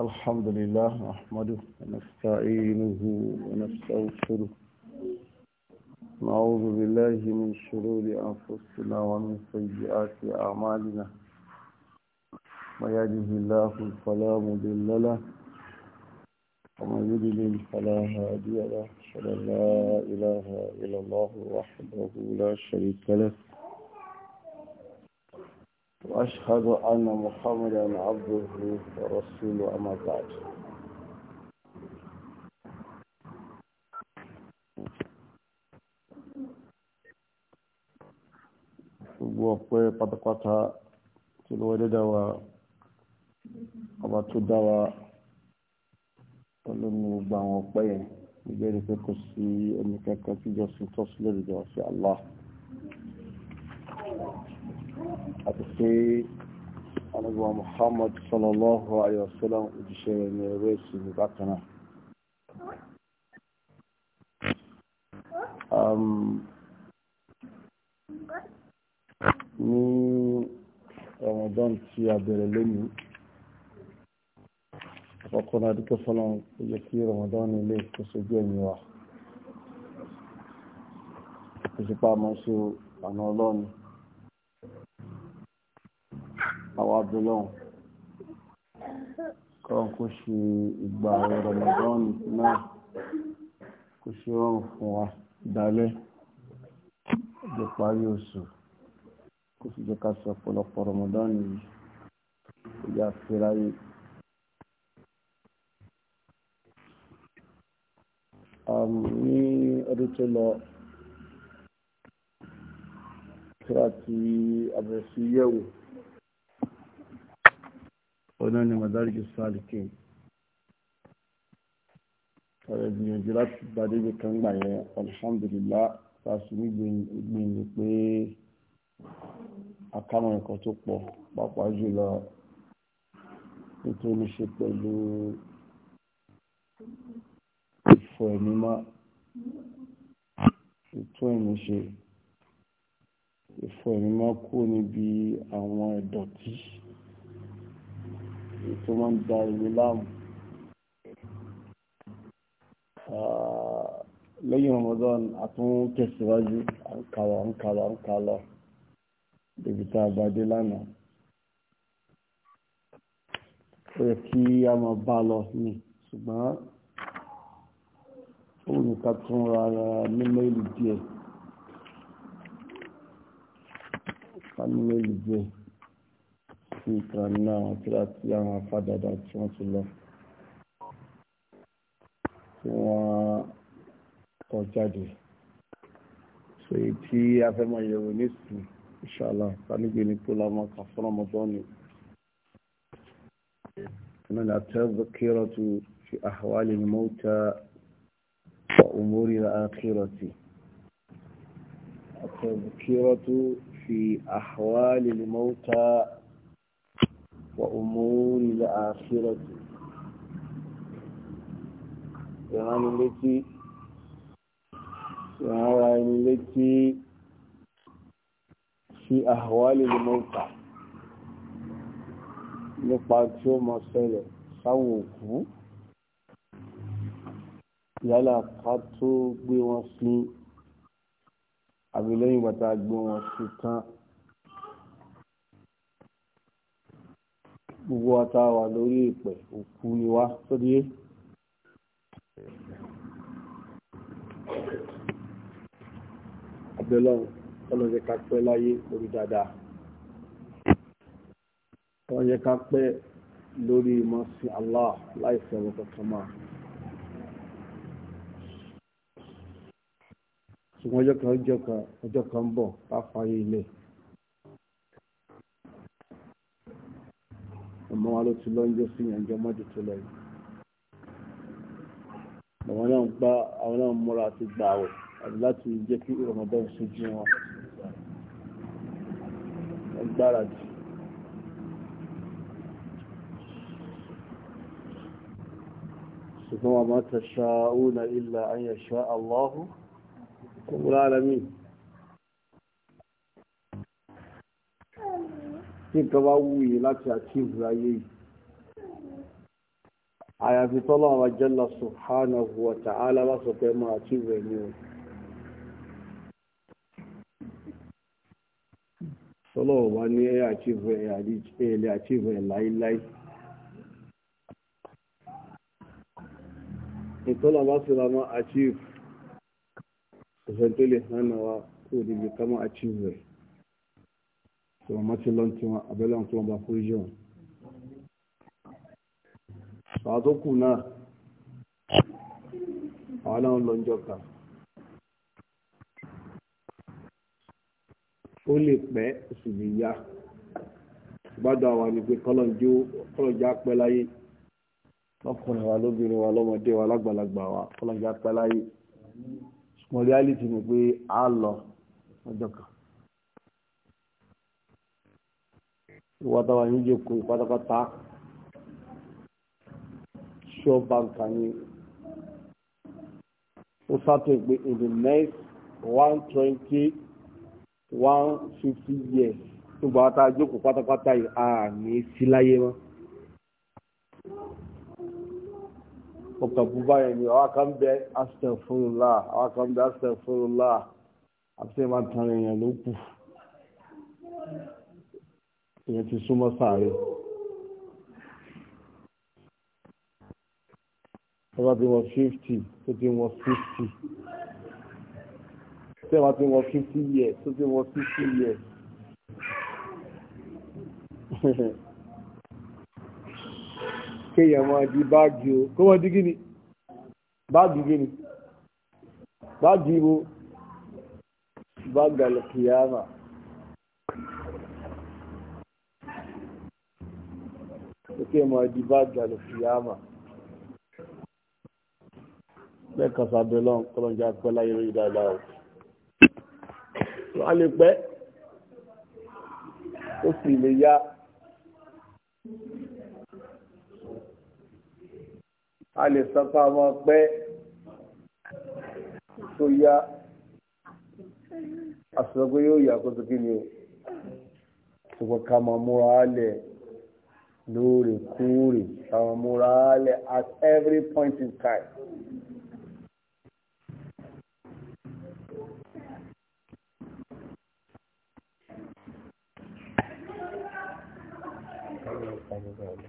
الحمد لله نحمده ونستعينه ونستغفره نعوذ بالله من شرور أنفسنا ومن سيئات أعمالنا ما يهده الله فلا مضل له ومن يضلل فلا هادي له أشهد أن لا إله إلا الله وحده لا شريك له وأشهد أن محمدا عبده ورسوله أما بعد gbogbo ọpẹ́ pátápátá tí lọ́wọ́ dé dáwà ọba tó dáwà olómi gbogbo àwọn ọpẹ́ yẹn nígbẹrẹ pé kò sí ẹnì kankan tíjọ sí tọ́sílẹ̀ ìjọ sí Allah àti pé ọmọgbà Muhammad sallallahu alayhi wa sallam òjíṣẹ́ rẹ̀ ní ẹ̀rọ ìsinmi bákan náà um, ní Ramadan tí a bẹ̀rẹ̀ lónìí ọkọ̀ náà dúpẹ́ fọ́nà ó yẹ kí Ramadan ilé kó sojú ẹ̀mí wa kó sì pa àmọ́ sí ọ̀nà ọlọ́run àwọn abúlọ́hùn kọ́rọ̀ kó ṣe ìgbà ọ̀rọ̀ mọ̀dánù náà kó ṣe rọrùn fún wa dálẹ́ jẹ́ parí oṣù kó sì jẹ́ ká sọ ọ̀pọ̀lọpọ̀ rọmọdánù yìí ìyá fẹ́ráyé ní ọdún tó lọ kíra ti àbẹ̀sí yẹ̀wò ọ̀nà ni madarijus salikin ọ̀rẹ́ gbìyànjú láti gbàdégbé kan gbà yẹn alhamdulillah fásitì gbìyànjú pé akáwọn ẹ̀kọ́ tó pọ̀ pàápàá jùlọ nítorí ṣe pẹ̀lú ìfọ̀ ẹ̀mí mọ́ ìtún ẹ̀mí ṣe ìfọ̀ ẹ̀mí mọ́ kúrò níbi àwọn ìdọ̀tí tó máa ń da ìwé láàmú. lẹ́yìn Ramadan a tún tẹ̀síwájú à ń kà lọ à ń kà lọ à ń débi tá a bá dé lánàá. ó yẹ kí a máa bá a lọ ní ṣùgbọ́n ó ní ká tún ra mímọ́ ìlú díẹ̀. ká mímọ́ ìlú díẹ̀ sí ìkan náà àwọn tíra tí àwọn afádàdà tí wọ́n ti lọ tí wọ́n kọ jáde so èyí afẹ́mọ̀ yẹ̀wò nísìn ìṣàlá kanígbé ní pọ́lá ọmọ kan fún ọmọdọ́ni من التذكرة في أحوال الموتى وأمور الآخرة التذكرة في أحوال الموتى وأمور الآخرة يعني التي يعني التي في أهوال الموقع nípa tí ó mọ̀ ṣẹlẹ̀ sáwọn òkú yálà ká tó gbé wọn sí àbí lẹ́yìn bàtà gbé wọn sí tán gbogbo ata wà lórí ìpẹ̀ òkú ni wá sódíé abẹ́lọ́run ọlọ́jẹ́ ká pẹ́ láyé orí dáadáa ọlọ́jẹ́ ká pẹ́ lórí ìmọ̀ sí Allah láìsẹ̀ wọn kankan máa ṣùgbọ́n ọjọ́ kan ọjọ́ kan bọ̀ láfàáyé ilẹ̀ ọmọ wa ló ti lọ́njọ́ sí ìyànjọ́ mọ́jú tó lọ yìí àwọn náà gba àwọn náà múra àti gbà àwẹ̀ àti láti jẹ́ kí ìrọ̀mọ̀bọ́n sojú wọn gbáradì ṣùgbọ́n wa ma tasha'una illa an yasha Allahu rabbul alamin tí nǹkan bá wúye láti àtìwù ayé yìí àyàfi tọ́lọ́ àwọn jalla subhanahu wa ta'ala bá sọ pé mọ́ àtìwù ẹ̀mí o tọ́lọ́ wà ní ẹ̀ àtìwù ẹ̀ àtìwù ẹ̀ láíláí ìtọ́lọ̀ bá mọ́ àtìwù ẹ̀sẹ̀ tó lè hàn náà wá kó níbi ká mọ́ àtìwù ẹ̀ tí wọ́n mọ́tí lọ́n tí wọ́n abẹ́lẹ́ wọn tí wọ́n bá foríjì wọn. àwọn tó kù náà àwọn náà ń lọ jọ kà. ó lè pẹ́ oṣù lè yá gbádùn àwa ni pé kọ́lọ̀já pẹ́ láyé lọ́kùnrin wa lóbìnrin wa lọ́mọdé wa lágbàlagbà wa kọ́lọ̀já pẹ́ láyé ṣùgbọ́n reality ni pé a lọ lọ́jọ́ kan. ìwọ́tawà ní jòkó pátápátá ṣọ́ báńkà ni ó sátò pé in the next one twenty one fifty years gbogbo àwọn tá a jókòó pátápátá yìí a ní sí láyé mọ́. ọkàn búbá yẹn ni àwọn kan bẹ astaghfirullah àwọn kan bẹ astaghfirullah àti ṣe máa tan èèyàn ló kù ìyẹn ti súnmọ́ sàárè ọba ti wọ́n fifty tó ti wọ́n sixty tẹ́wà ti wọ́n fifty years tó ti wọ́n sixty years kéèyàn máa di báàgì o kó wọ́n di gíní báàgì gíní báàgì wo báàgì alẹ́ kìyàmà. kẹ́ máa di bá gàlù fìyàmà lẹ́ẹ̀kan sábẹ́ lọ́n kọ́lọ́njà pẹ́ láyé lórí dáadáa o wọ́n lè pẹ́ ó sì lè yá a lè sọpá ọmọ pẹ́ tó yá àṣọ pé yóò yà kó tó kí ni o ṣùgbọ́n ká máa múra á lẹ̀ lóòrèkóòrè àwọn múra alẹ́ at every point in time. Thank you.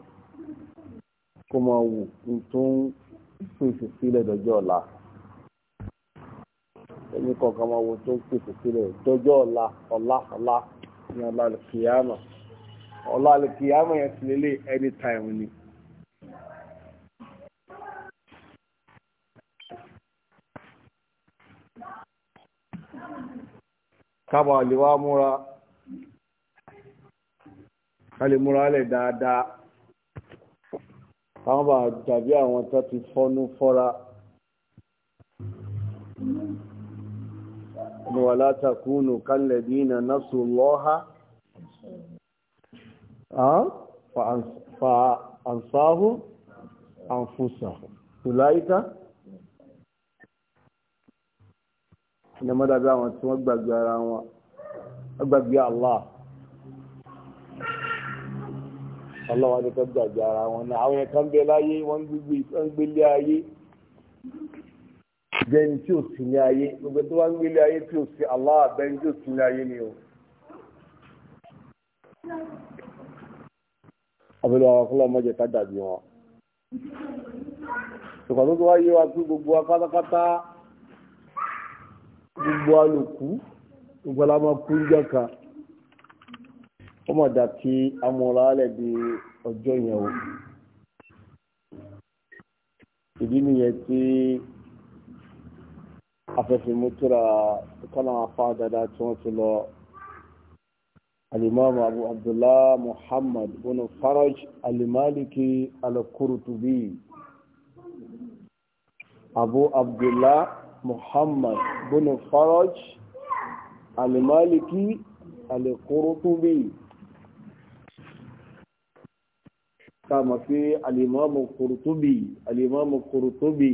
kó máa wò ní tó ń pèsè sílẹ̀ dọjọ́ ọ̀la ẹni kọ̀ọ̀kan máa wo tó ń pèsè sílẹ̀ dọjọ́ ọ̀la ọ̀la ọ̀la ní ọ̀la àlùkìyàmọ̀ ọ̀la àlùkìyàmọ̀ yẹn ti lélẹ̀ anytime ni. kábàá lè wá múra ká lè múra lẹ̀ dáadáa àwọn bá dàbí àwọn tó ti fọ́nú fọ́ra wala takunu kalladina nasu Allaha fa ansahu anfusahum tùláìká ìnàmọ́dàbí àwọn tí wọ́n gbàgbé ara wọn gbàgbé Allah ọlọ́wọ́ ni kan gbàgbé ara wọn náà àwọn yẹn kan bẹ láyé wọ́n ń gbégbé wọ́n ń gbélé ayé bẹ́ẹ̀ni tí ò sí ní ayé gbogbo tó wá ń gbélé ayé tí ò sí Allah bẹ́ẹ̀ni tí ò sí ní ayé ni o. abẹ́lẹ́ àwọn akọ́lọ́ mọ́jẹ ká dàbí wọn. ṣùgbọ́n tó tó wa pé gbogbo wa gbogbo alòkú gbogbo alámọ̀kú ń jẹ́ kan ó mọ̀ dà kí amúra alẹ́ di ọjọ́ yẹn o ìdí nìyẹn tí afẹ́fẹ́mú tóra kọ́nà afá dáadáa tí wọ́n ti lọ alimami abu abdullah muhammad bunu faraj alimaliki alakurutubi abu abdullah muhammad bunu faraj alimaliki alakurutubi. tá a mọ̀ sí alimọ́mù kùrùtùbì alimọ́mù kùrùtùbì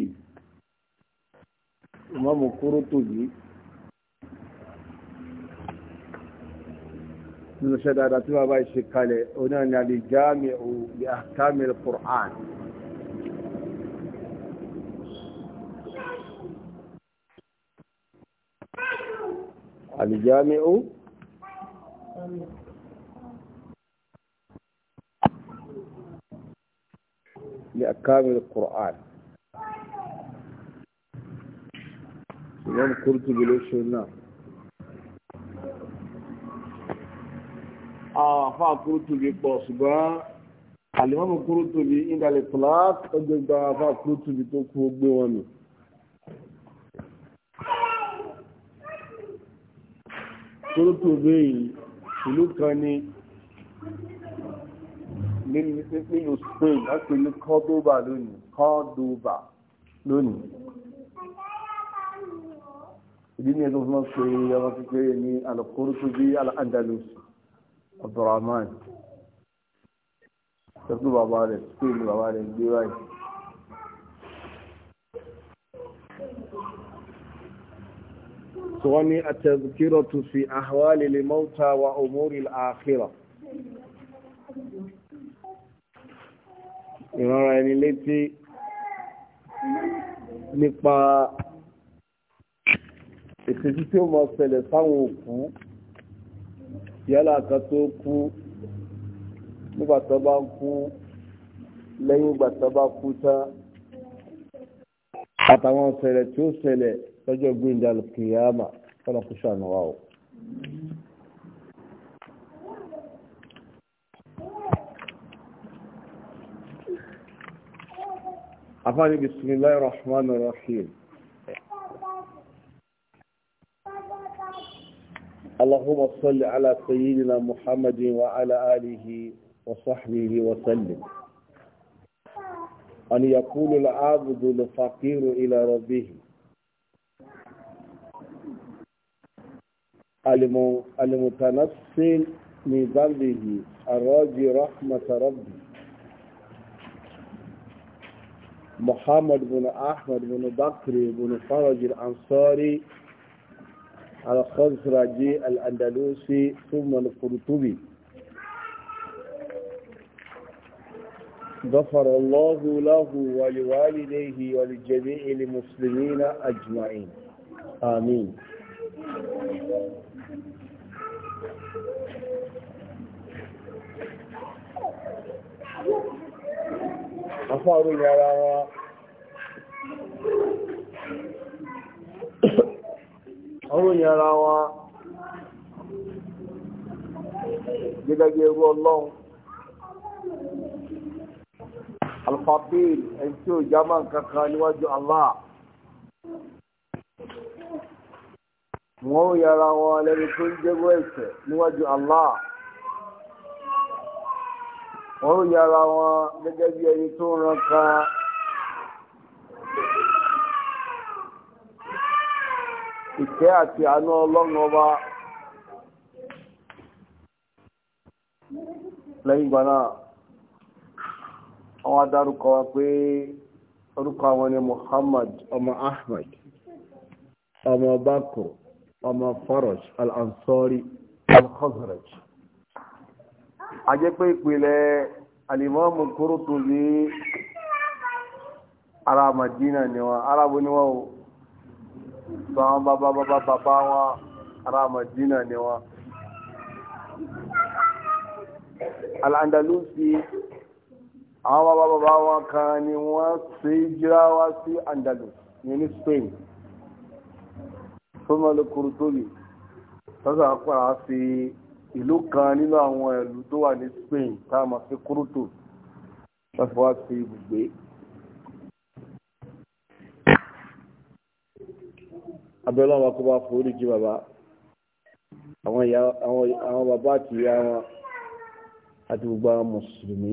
imọ́mù kùrùtùbì. nínú ṣe dáadáa tí wọ́n bá ṣe kalẹ̀ onáà ni alìjáàmì ò àkàmì al-Qur'an alìjáàmì لأحكام القرآن سلام قلت بالوشنا آه فقلت بقصبا الإمام قرطبي عند الإطلاق أجد فقرطبي تكو بوانو قرطبي ìlú kan ni nínú pínpín Spain láti ní Cordoba lónìí Cordoba lónìí ìdí ní ẹgbẹ́ fún pé ọmọ kékeré ní Al-Qurtubi Al-Andalus Abdulrahman tẹ́kù bàbá rẹ̀ Spain bàbá rẹ̀ gbé báyìí sọ wọ́n ní at-tadhkiratu fi ahwali al-mawta wa umuri al ìrànra ẹni létí nípa ìsìnkú tí ó mọ̀ ṣẹlẹ̀ sáwọn òkú yálà kan tó kú nígbà tó bá kú lẹ́yìn ìgbà tó bá kú tán àtàwọn ṣẹlẹ̀ tí ó ṣẹlẹ̀ lọ́jọ́ gbé ìdàlùkìyàmà fọ́nà kúṣànù wa o. أفاني بسم الله الرحمن الرحيم اللهم صل على سيدنا محمد وعلى آله وصحبه وسلم أن يقول العابد الفقير إلى ربه المتنصل من ذنبه الراجي رحمة ربه محمد بن أحمد بن بكر بن فرج الأنصاري الخزرجي الأندلسي ثم القرطبي غفر الله له ولوالديه ولجميع المسلمين أجمعين آمين àfáà ròyìn ara wọn ròyìn gẹ́gẹ́gẹ́ ẹrú ọlọ́run alfàbíl ẹni tí ó jámà kankan níwájú Allah wọ́n ròyìn ara wọn tó ń níwájú Allah wọ́n ó yára wọn gẹ́gẹ́ bí ẹni tó ràn ká ìkẹ́ àti àánú ọlọ́run ọba lẹ́yìn ìgbà náà àwọn adárúkọ wa pé orúkọ àwọn ni Muhammad ọmọ Ahmad ọmọ Bakr ọmọ Faraj al-Ansari al-Khazraj. al ansari al khazraj ajẹ́ pé ìpìlẹ̀ alimọ́mù Qurtubi ara Madina ni wọn arábò ni wọn o sọ àwọn bàbá bàbá bàbá wọn ara Madina ni wọn al-Andalusi àwọn bàbá bàbá wọn kan ni wọ́n sí jíra wá sí Andalus ní Spain tó mọ́ lókùrù tóbi tọ́sà pàrà sí ìlú kan nínú àwọn ìlú tó wà ní Spain tá a mọ̀ sí kúrútù wọ́n fi wá sí ibùgbé. abẹ́lẹ́ wọn kó bá forí jí bàbá àwọn ìyá àwọn bàbá àti ìyá wọn àti gbogbo àwọn mùsùlùmí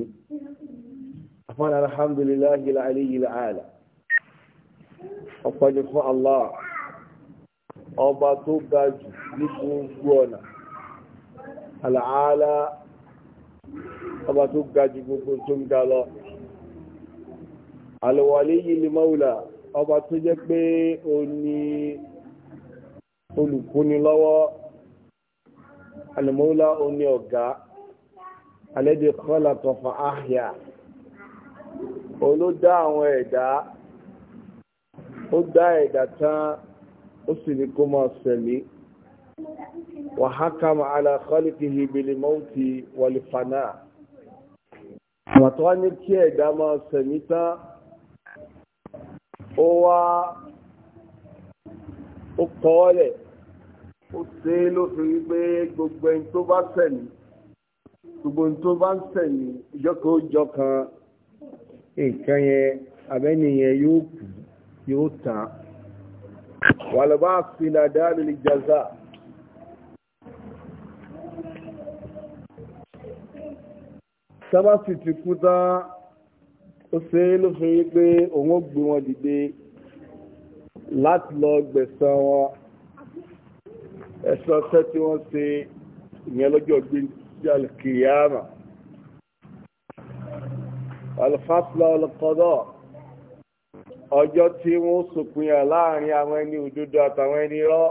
afọ́n alhamdulillahi aliyyi ala ọ̀pọ̀jù fún Allah ọba tó ga ní gbogbo ọ̀nà àlàálá ọba tó ga jù gbogbo tó ń ga lọ àlùwàlé yìí lè mọ́wùlà ọba tó jẹ́ pé ó ní olùkúni lọ́wọ́ àlùmọ́wùlà ó ní ọ̀gá alẹ́dẹ̀ kọ́lá tọ̀fà áhìá olódá àwọn ẹ̀dá ó dá ẹ̀dá tán ó sì ní kó máa sẹ̀mí وحكم على خلقه بالموت والفناء wàtọ́ ní kí ẹ̀dá máa sẹ̀mí tán ó wá ó kọ́ ọ́lẹ̀ ó ṣe é lófin wípé gbogbo ẹni tó bá sẹ̀mí gbogbo ẹni tó bá ń sẹ̀mí ìjọkan ó jọkan nǹkan yẹn abẹ́niyẹn yóò kù yóò tán wàlúbà sílẹ̀ dáàlì jaza. tábàsì ti kú tán ó ṣe é lófin wípé òun ó gbé wọn dìde láti lọ gbẹ̀san wọn ẹ̀san ṣẹ́ tí wọ́n ṣe ìyẹn lọ́jọ́ gbé kìyàmà alfasla olùkọ́dọ̀ ọjọ́ tí wọ́n sòpinyà láàrin àwọn ẹni òdodo àtàwọn ẹni rọ́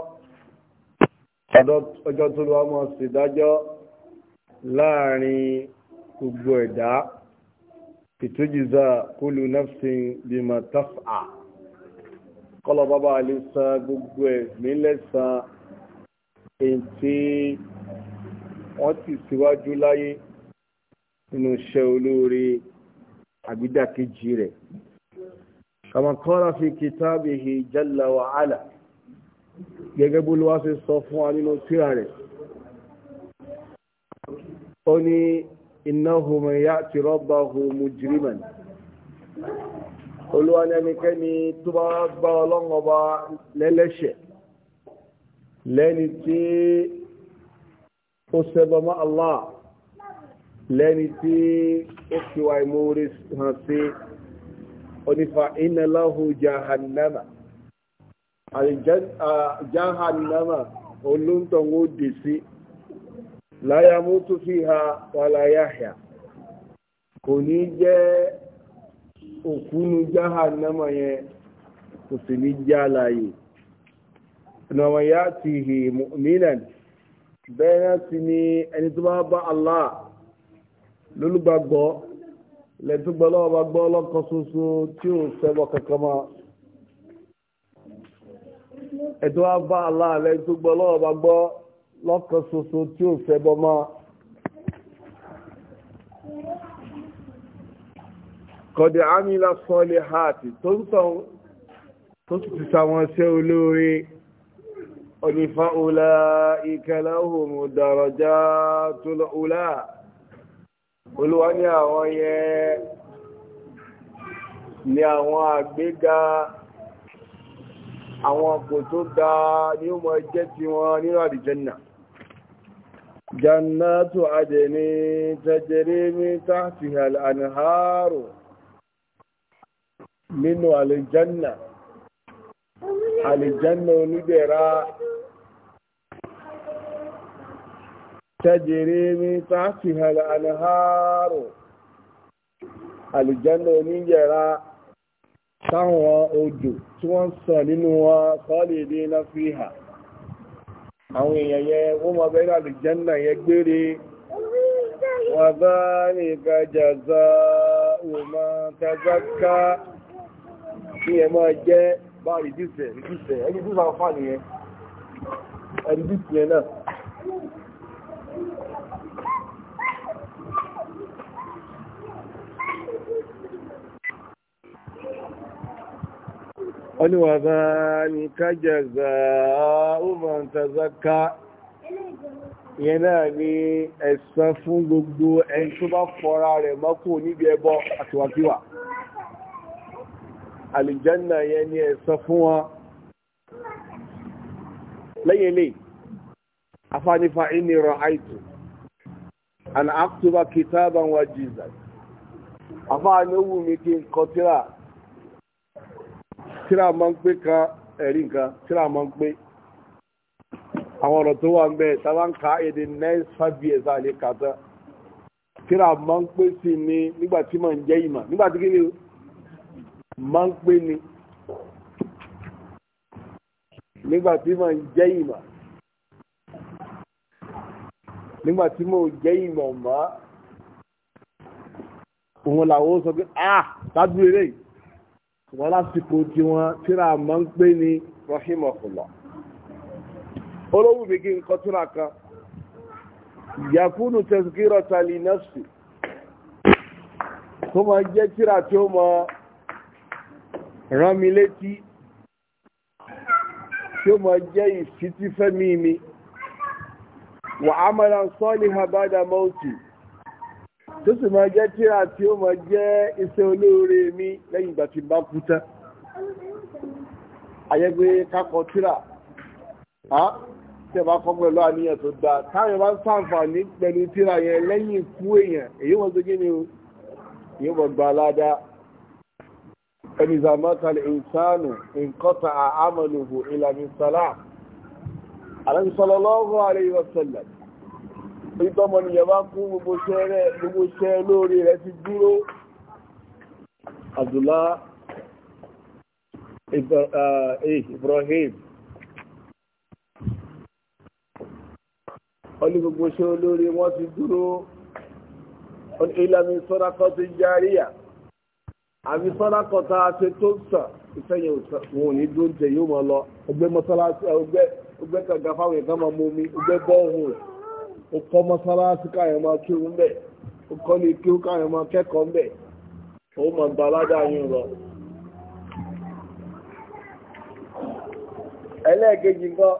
ọjọ́ tó lọ́mọ ṣèdájọ́ láàrin gbogbo ẹ̀dá ìtójìzá kólú nafsin bima tas'a kọ́lọ bàbá alẹ́ san gbogbo ẹ̀mí lẹ́san èyí tí wọ́n ti síwájú láyé nínú iṣẹ́ olóore àgbídàkejì rẹ̀ kama qala fi kitabihi jalla wa gẹ́gẹ́ bó ló wá ṣe sọ fún wa nínú tírà rẹ̀ ó ní innahu man ya'ti rabbahu mujriman olúwa ní ẹnikẹ́ni tó bá bá ọlọ́run ọba lẹ́lẹ́ṣẹ̀ lẹ́ni tí ó ṣẹbọ mọ́ Allah lẹ́ni tí ó fi wà ìmúrí hàn sí onífà inna lahu jahannama jahannama olóńtọ̀ ń ó láyà mútu fiha wàlá yáhìá kò ní jẹ́ òkúnu jahannama yẹn kò sì ní já láàyè nàwọn yá ti hì mu'minan bẹ́ẹ̀ náà sì ni ẹni tó bá bá Allah lólùgbàgbọ́ lẹ́tùgbọ́ lọ́kọ̀ soso tí ò ṣẹbọ kankan mọ́ ẹ̀tọ́ bá Allah lẹ́tùgbọ́ lọ́kan ṣoṣo tí ò ṣẹbọ mọ́ kọ̀dẹ̀ amílá sọ́lẹ̀ hàtì tó ń tàn tó ti ti sàwọn ṣẹ́ olóore onífà ọlá ìkẹlẹ́hùn dàrọ̀já tó lọ ọlá olúwa ní àwọn yẹn ni àwọn àgbéga àwọn ọkọ̀ tó dáa ní ó mọ̀ jẹ́ ti wọn nínú àdìjẹ́nà jannatu adini tajri min tahtiha al-anharu nínú àlìjẹ́nà àlìjẹ́nà onídẹ̀ra tajri min tahtiha al àlìjẹ́nà onídẹ̀ra táwọn odò tí wọ́n sàn nínú wọn kọ́lì ní náfíhà àwọn èèyàn yẹn wọ́n mọ̀ bẹ́ẹ̀ láti jẹ́nà yẹn gbére wà bá nìkan jàzá òmà tàzáká kí ẹ máa jẹ́ bá rìdíṣẹ̀ rìdíṣẹ̀ ẹni tí wọ́n fà nìyẹn ẹni náà Onye wa za ni ka jaza umar ta zaka na ni esan gbogbo en to ba fora re mako nibi ebo ati wakiwa alijanna ya ni esan fun wa laye le afani fa ini ra'aitu an aktuba kitaban wa jizat afani wumi ki nkotira tíra máa ń pé kan ẹ̀rí nǹkan tíra máa ń pé àwọn ọ̀rọ̀ tó wà ń bẹ́ẹ̀ tá a bá ń ka èdè next five years àlè kàtà tíra máa ń pé sí ni nígbà tí màá ń jẹ́ ìmọ̀ nígbà tí kí ni máa ń pé ni nígbà tí màá ń jẹ́ ìmọ̀ nígbà tí mo jẹ́ ìmọ̀ mọ́ òun làwọn sọ pé ah tábìlì eléyìí ṣùgbọ́n lásìkò tí wọ́n tíra máa ń gbé ní rahimahullah olówó gbègé nǹkan tíra kan yakunu tazkirata li nafsi tó máa jẹ́ tíra tí ó máa rán mi létí tí ó máa jẹ́ ìfitífẹ́mí mi wà amalan salihan ba'da mauti tó sì máa jẹ́ tíra tí ó máa jẹ́ iṣẹ́ olóore mi lẹ́yìn ìgbà tí bá kú tán ayẹ́gbé kákọ tíra tí ẹ bá kọ́ pẹ̀lú àníyàn tó dáa táwọn bá ń sàǹfààní pẹ̀lú tíra yẹn lẹ́yìn ikú èèyàn èyí wọ́n tó gé ni o èyí gba aládá ẹni zàmọ́tàlẹ̀ ìsánù nǹkọ́ta àmàlùhù ìlànà sàlá alayhi wa sallam ìtọ́mọ nìyẹn bá kú gbogbo iṣẹ́ rẹ̀ gbogbo iṣẹ́ lóore rẹ̀ ti dúró Abdullah eh, eh, Ibrahim ọlú gbogbo ṣe olórí wọ́n ti dúró ìlànà sọ́dákọ́ ti járíyà àbí sọ́dákọ́ ta ṣe tó sàn ìfẹ́yìn òun ní dúró jẹ yóò mọ́ lọ ọgbẹ́ mọ́sálásí ọgbẹ́ kàga fáwọn ìkàmọ́ mọ́ omi ọgbẹ́ bọ́ọ̀hùn rẹ̀ ó kọ́ mọ́sálásí káyọ̀ máa kírun bẹ́ẹ̀ ó kọ́ ní kí ó káyọ̀ máa kẹ́kọ̀ọ́ bẹ́ẹ̀ ó máa gba aládá yín lọ. ẹlẹ́ẹ̀kejì nǹkan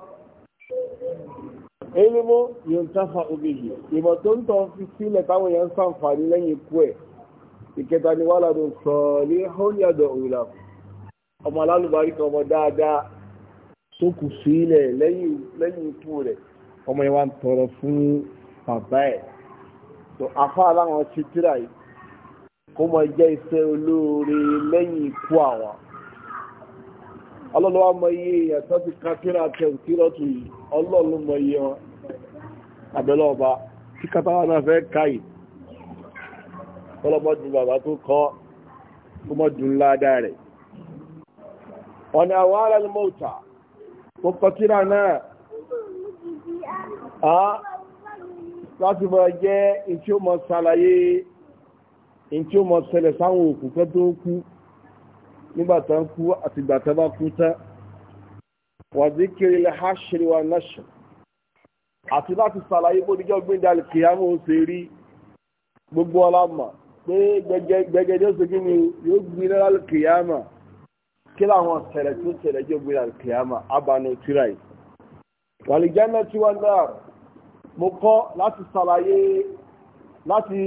elimu yóò ń sáfà obìyì ìmọ̀ tó ń tọ́ fi sílẹ̀ táwọn èèyàn ń sàǹfààní lẹ́yìn ikú ẹ̀ ìkẹta ni wàhálà ló sọ ní hóníyàdọ̀ òwìlà ọmọ alálùbárí kan ọmọ dáadáa tó kù sílẹ̀ lẹ́yìn ikú rẹ̀ ọmọ yẹn wá ń tọrọ fún bàbá ẹ̀ tó afá aláwọn ṣe tíra yìí kó mọ jẹ́ iṣẹ́ olóore lẹ́yìn ikú àwọn ọlọ́lọ́wọ́ mọ iye èèyàn tó ti ka tíra tẹ̀wù tíra tù yìí ọlọ́run mọ iye wọn àbẹ̀lọ́ ọba tí kátàwá náà fẹ́ ká yìí ọlọ́mọdún bàbá tó kọ́ ọmọdún ládàá rẹ̀ ọ̀nà àwọn ará ni mọ́ta mo kọ tíra náà láti mọ̀ jẹ́ ìtí ó mọ̀ sàlàyé ìtí ó mọ̀ ṣẹlẹ̀ sáwọn òkú kan tó kú nígbàtà kú àti ìgbàtà bá kú tán wà kiri lè ha ṣeré wa náṣà àti láti sàlàyé bó níjọ́ gbéńdàlì kìyàmù ó ṣe rí gbogbo ọlámà pé gbẹgẹdẹ oṣù kí ni yóò gbéńdàlì kìyàmù kí làwọn ṣẹlẹ̀ tó ṣẹlẹ̀ jẹ́ gbéńdàlì wàlìjánà tí wọ́n náà mo kọ́ láti ṣàlàyé láti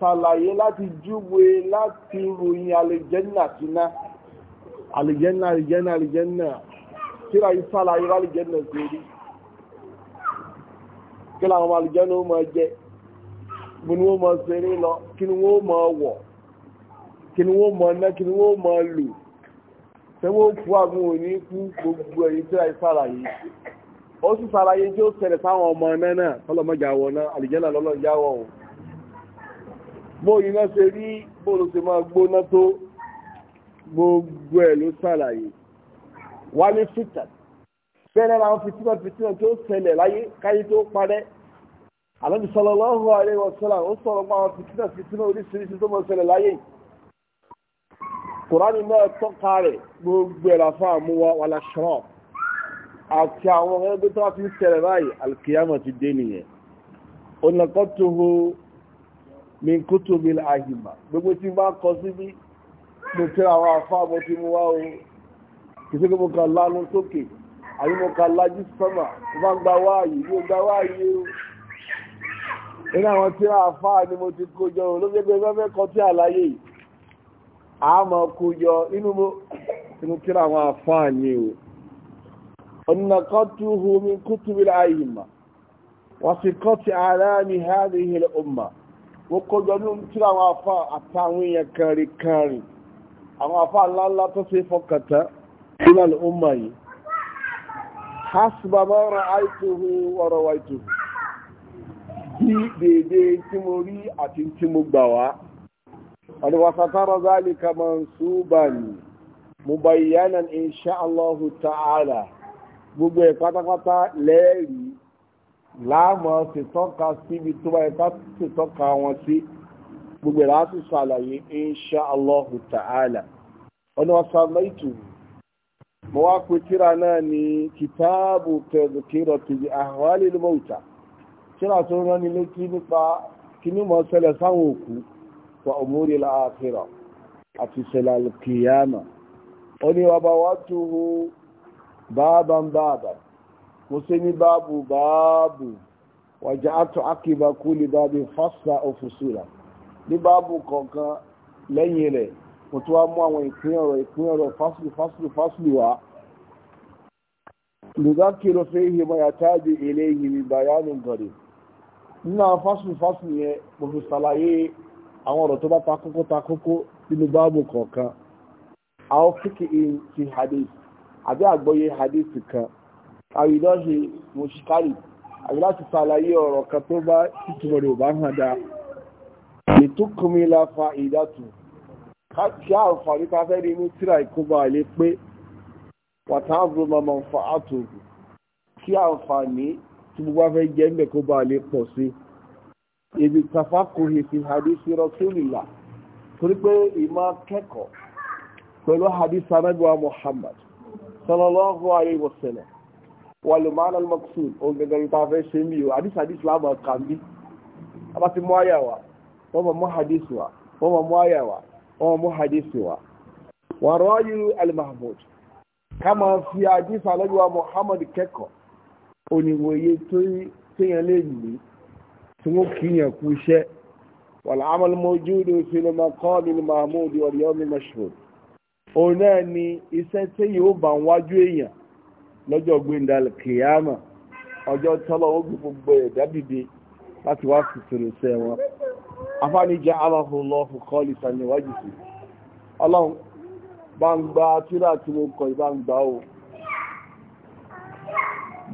ṣàlàyé láti júwe láti ròyìn àlìjánà síná àlìjánà àlìjánà àlìjánà tí ra yí ṣàlàyé àlìjánà sí rí kí làwọn àlìjánà ó máa jẹ bí ni wọ́n máa ṣeré lọ kí ni wọ́n máa wọ̀ kí ni wọ́n máa ná kí ni wọ́n máa lò tẹ́wọ́n fún àwọn òní kú gbogbo ẹ̀yìn tí ra yí ṣàlàyé ó sì sàlàyé tí ó ṣẹlẹ̀ sáwọn ọmọ ẹ̀mẹ́ náà tọ́lọmọ́jà wọ̀ náà àlìjẹ́nà lọ́lọ́jà wọ̀ wọn bó iná ṣe rí bóòlù ṣe máa gbóná tó gbogbo ẹ̀ ló sàlàyé wà ní fìtà bẹ́ẹ̀ náà fìtínà fìtínà tó ṣẹlẹ̀ láyé káyé tó parẹ́ àlọ́bí sallallahu alaihi wasallam ó àti àwọn ẹgbẹ́ tó fi tẹ̀rẹ̀ báyìí alkiyama ti dé nìyẹn onakọ́tuhu min kutubi al-ahimma gbogbo tí bá kọ síbí mo tẹ́ àwọn afá mo ti mú wá o kìí kí mo kà lánú sókè àbí mo kà lájú sọ́mà mo bá gba wáàyè yóò gba wáàyè o nínú àwọn tí afá ni mo ti kó jọ ló fẹ́ gbé fẹ́fẹ́ kọ tí àlàyé yìí àmọ́ kó jọ inú mo inú kí àwọn afá ni o. ونقضته من كتب الأئمة وثقة أعلام هذه الأمة وقد نمتل وفاء التعوية كاري كاري وفاء الله لا تصفقة من الأمة حسب ما رأيته ورويته bí dèdè tí mo rí àti tí mo gbà wá alwasatara zalika mansuban mubayyanan insha Allahu ta'ala gbogbo ẹ̀ pátápátá lẹ́ẹ̀rí láàmú ṣètọ́ka síbi tó bá ẹ̀ká ṣètọ́ka wọn sí gbogbo ẹ̀ láti ṣàlàyé insha allahu ta'ala ọ̀nà ọ̀sàmẹ́tù mo wá pé tíra náà ní kìtáàbù tadhkiratu bi ahwalil mauta tíra tó rán ni létí nípa kíní mọ̀ ṣẹlẹ̀ sáwọn òkú wa umuril akhirah àti ṣẹlẹ̀ al-qiyamah ó ní wàbá tó baban baban musulmi babu babu wàjá àtọ̀ akíba kú lè bá bí fásità òfusula ní báàbù kọ̀ọ̀kan lẹ́yìn rẹ̀ mo tún wá mú àwọn ìpín ọ̀rọ̀ ìpín ọ̀rọ̀ fásitì fásitì fásitì wá. lùdákìrò fèéhì bayani mo fi in ti hadith àbí àgbọ́yé hadith kan àrídọ́ṣe mọ̀ṣíkárì àbí láti fàlàyé ọ̀rọ̀ kan tó bá títúmọ̀ rẹ̀ bá hàn dáa ètò kọmílà fa ìdátù kí àǹfààní ká fẹ́ rí inú tíra ìkóbá ilé pé wàtàbùrù màmá fa àtòògùn kí àǹfààní tí gbogbo afẹ́ jẹ́ ń bẹ̀ kó torí pé ìmọ̀ kẹ́kọ̀ọ́ pẹ̀lú hadisi anábíwá Muhammad sallallahu alayhi wa sallam wà ló máa nàlọ́ mọ́kùsùn ọ̀gẹ̀gẹ̀ nípa fẹ́ ṣe mí o àdìsí àdìsí láàmú kàn bí abá ti mú àyà wa wọ́n mọ̀ mú hadith wa wọ́n mọ̀ mú àyà wa wọ́n mọ̀ mú hadith wa wà rọ́ọ̀yù al-mahmud ká máa fi àdìsí muhammad kẹ́kọ̀ọ́ oníwòye téèyàn lè ní tí wọ́n kì í yàn kú iṣẹ́ wal amal mawjudu fil maqam al-mahmud wal yawm al-mashhud òun náà ni iṣẹ́ tí yóò bá ń wájú èèyàn lọ́jọ́ gbẹ̀ndàlẹ̀ kìyàmà ọjọ́ tọ́lọ́ ó gbogbo ẹ̀dá dìde láti wá fìfèrè sẹ́ wọn afánijẹ́ aláhùnlọ́hùn kọ́lì sàníwájú sí ọlọ́run bá gba tíra tí mo kọ̀ ìbá ń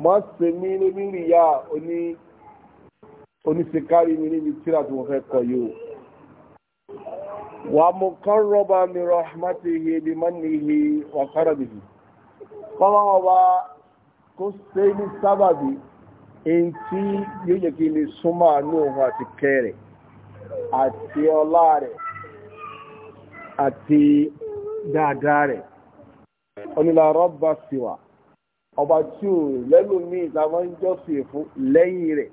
mọ́ sí mi níbi ìyá oníṣekárí mi níbi tíra tí mo ومقرب من رحمته بمنه وقربه kọ́wọ́ ọba kó ṣe ní sábàbí in tí yóò yẹ kí lè súnmọ́ àánú ohun àti kẹrẹ̀ àti ọlá rẹ̀ àti dáadáa rẹ̀ onílà rọ́bà síwà ọba tí ò lẹ́nu mi ń lẹ́yìn rẹ̀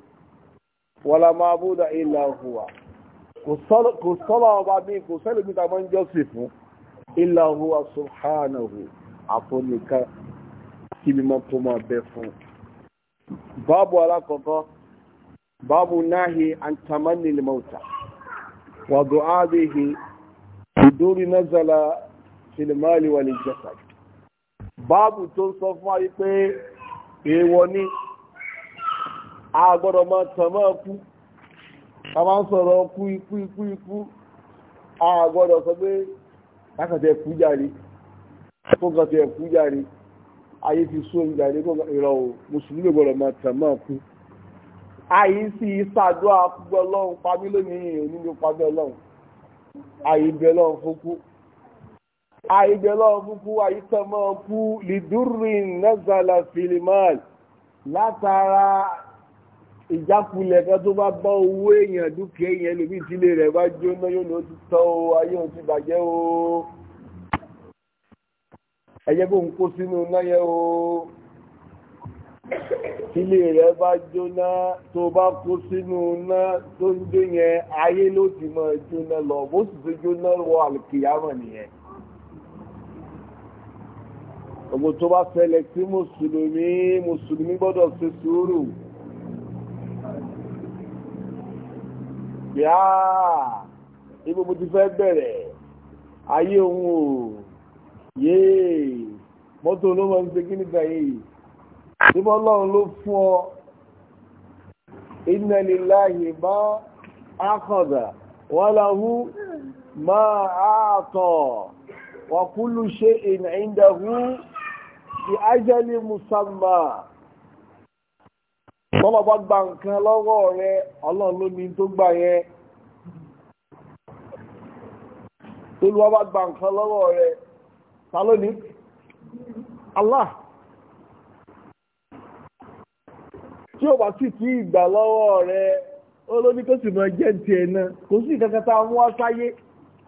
wọ́n la máa kò sọ́lọ̀ ọba mi kò sẹ́lẹ̀ mi tàbí jọ́sìn fún illa huwa subhanahu àfọ́nìkan kí ni mọ́ tó máa bẹ fún. báàbù alákọ̀ọ́kọ́ báàbù náhi antamanni limauta wa du'abihi ìdórí nazala filimali wà ní jasad. báàbù tó sọ fún ayé pé èèwọ̀ ni a gbọ́dọ̀ máa tàn máa kú bàbá ń sọ̀rọ̀ kú ikú ikú ikú a gbọ́dọ̀ sọ pé lákàtí ẹ̀kú jàre kó kan ti ẹ̀kú jàre ayé ti sún omi jàre kó ìrọ̀ o mùsùlùmí gbọ́dọ̀ máa tẹ̀ máa kú ayé sì ṣàdúrà púpọ̀ ọlọ́run pamí lónìí òní ló pamí ọlọ́run ayé bẹ lọ́run fún kú ayé bẹ lọ́run fún kú ayé tẹ̀ máa kú lìdúrin nazala filimal látara ìjákulẹ̀ kan tó bá bá owó èèyàn dúkìá èèyàn lóbi ìdílé rẹ̀ bá jóná yóò ló ti tán o ayé òun ti bàjẹ́ o ẹ̀yẹ́ kó ń kó sínú náà yẹ o ilé rẹ̀ bá jóná tó bá kó sínú náà tó ń dé yẹn ayé ló ti mọ jóná lọ bó sì ti jóná wọ àlùkìyàmọ̀ nìyẹn ògbò tó bá fẹlẹ̀ sí mùsùlùmí mùsùlùmí gbọ́dọ̀ ṣe sùúrù. pé áà ah, ibo mo ti fẹ́ bẹ̀rẹ̀ ayé òun o yéè mọ́tò ló máa ń ṣe kíní kan yìí síbọ́ ọlọ́run ló fún ọ inna lillahi ma akhadha wa lahu ma a'ta wa kullu shay'in 'indahu bi ajalin musamma. tọ́lọ̀ bá gba nǹkan lọ́wọ́ rẹ ọlọ́run ló ní tó gbà yẹn gba nǹkan lọ́wọ́ rẹ ta ló ní Allah tí ó bá sì ìgbà lọ́wọ́ rẹ olóní kó sì mọ jẹ́ náà kò sí kankan tá a mú kò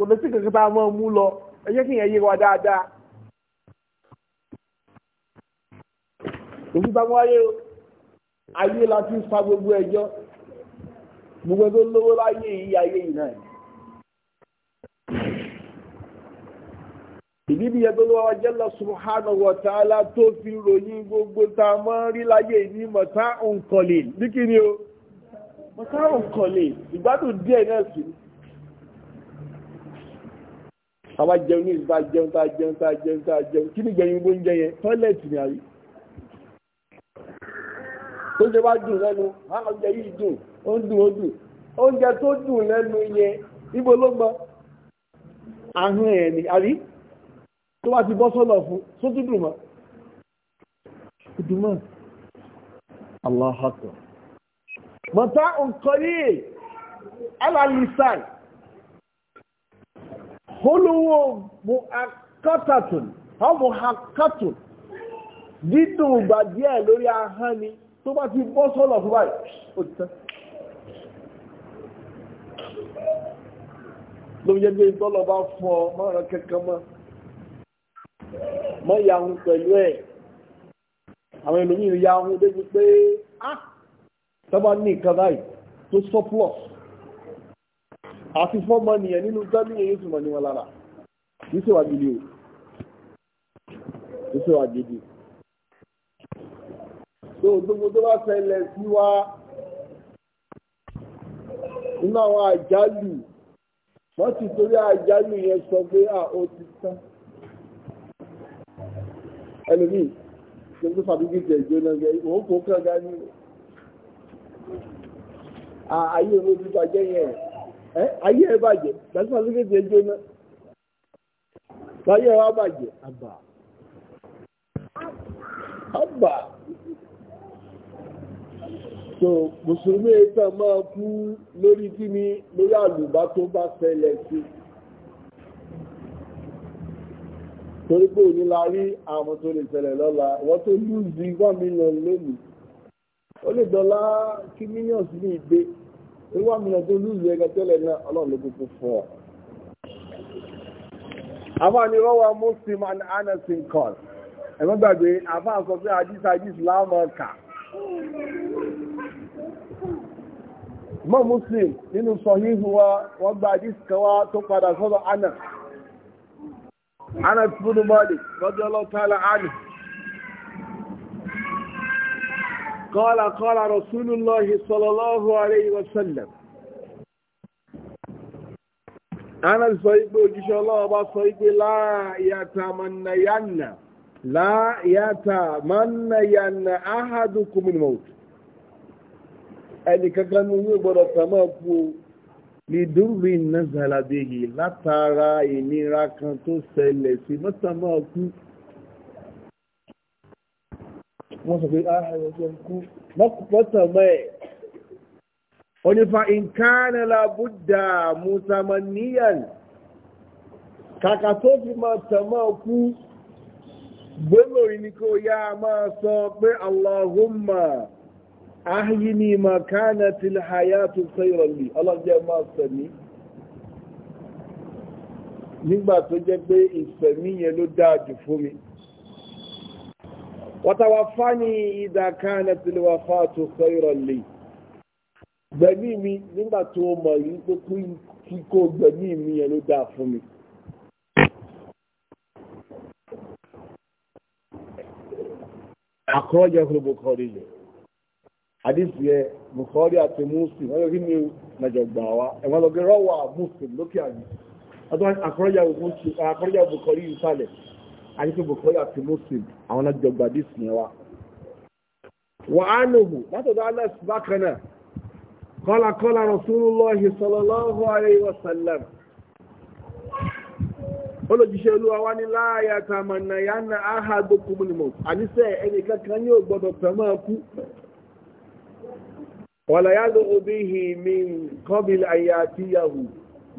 lọ sí kankan tá a mọ́ mú lọ ẹ ayé la fi ń fa gbogbo ẹjọ́ gbogbo tó lówó láyé yìí ayé yìí náà ìdí bí ẹgbẹ́ ló wá jẹ́lọ subhanahu wa ta'ala tó fi ròyìn gbogbo ta mọ́ rí láyé ní mọ̀tá òǹkọ̀lè ní kí ni o mọ̀tá òǹkọ̀lè ìgbádùn díẹ̀ náà sí àwa jẹun ní ìgbà jẹun tá jẹun tá jẹun tá jẹun kí ni gbẹ̀yìn gbóúnjẹ yẹn tọ́lẹ̀tì ni àyè tó ṣe wá dùn lẹ́nu oúnjẹ yìí dùn ó dùn ó dùn oúnjẹ tó dùn lẹ́nu yẹn ibo ló gbọ́ ahun ẹ̀ ni àrí tó wá ti bọ́ fún mọ̀tá nǹkan olówó ọ dídùn lórí ahọ́n ni tó bá ti bọ́ sọ́lọ̀ fún báyìí ó ti tán ló yẹ bí tọ́lọ̀ bá fún ọ mọ́ràn kankan mọ́ mọ́ yahun pẹ̀lú ẹ̀ àwọn ẹlòmíràn yahun débi pé á tọ́ba ní nǹkan báyìí tó surplus àti fọ́mọ nìyẹn nínú gbẹ́mìyàn yóò túnmọ̀ ní wọn lára kìí ṣèwà gidi o kìí ṣèwà gidi o tó gbogbo tó bá ṣẹlẹ̀ sí wa nínú àwọn àjálù wọ́n ti torí àjálù yẹn sọ pé à ó ti tán ẹlòmíì gbogbo fàbíkì tẹ̀ jóná gẹ òun kò kàn ga ní ayé ìwé ti bàjẹ́ yẹn ẹ ayé ẹ bàjẹ́ gbàgbọ́ fàbíkì tẹ̀ jóná láyé ẹ wá bàjẹ́ àbà so mùsùlùmí kan máa kú lórí kíni lórí àlùbá tó bá ṣẹlẹ̀ sí torí pé òní la rí àwọn tó lè ṣẹlẹ̀ lọ́la wọ́n tó lùzí one million lónìí ó lè dọ́lá kí millions ní ìgbé torí one million tó lùzí ẹgbẹ́ tẹ́lẹ̀ náà ọlọ́run ló kúkú fún ọ. àfa ni rọwà muslim and anasin call ẹ̀mọ́gbàgbé àfa sọ pé àdìs àdìs láwọn kà mọ́ muslim nínú sọ̀híhù wa wọ́n gba àdísì kan wá tó padà sọ́dọ̀ anà anà tí fún mọ́lì lọ́jọ́ lọ́tàlá anà kọ́lá kọ́lá rasulullahi sallallahu alayhi wa sallam anà sọ ipé òjíṣẹ́ ọlọ́ọ̀bá sọ ipé láyàtàmánnayanna láyàtàmánnayanna áhàdùkùnmùnmọ̀tù ẹnìkankan ní yóò gbọ́dọ̀ sàmọ́ kú o lìdúrì nàzàlàbèyí látara ìnira kan tó ṣẹlẹ̀ sí mọ́sàmọ́ kú wọ́n sọ pé ààrẹ ah, ọjọ́ kú mọ́sàmọ́ ẹ̀ onífa ìkánilá búdà mùsàmọ́níyàn kàkà tó fi máa kú gbólóyìn ni kó yá máa sọ pé Allahumma ahini ma kana til hayatu khayran li ọlọ́jẹ́ máa sẹ̀mí nígbà tó jẹ́ pé ìsẹ̀mí yẹn ló dáa jù fún mi wàtàwà fani idha kana til wafatu khayran li gbẹ̀mí mi nígbà tó mọ̀ yìí pé kíkó gbẹ̀mí mi yẹn ló dáa fún mi àkọ́jọ́ Bukhari yìí àdìsí ẹ Bukhari àti Muslim wọ́n yóò kí ni nàjọ gbà ẹ̀wọ́n lọ rọ́wà Muslim lókè àmì àkọ́rọ́jà Bukhari yìí sálẹ̀ àdìsí àti Muslim àwọn nàjọ gbà àdìsí yẹn wà á nùhù látọ̀dọ̀ Alex bákan náà kọ́lá kọ́lá Rasulullahi olójíṣẹ́ olúwa wá ní láàyà yánà áhà yóò gbọdọ̀ pẹ̀mọ́ ẹkú wàlá yá ló bí i mi kọ́bìlì àyà àti yahoo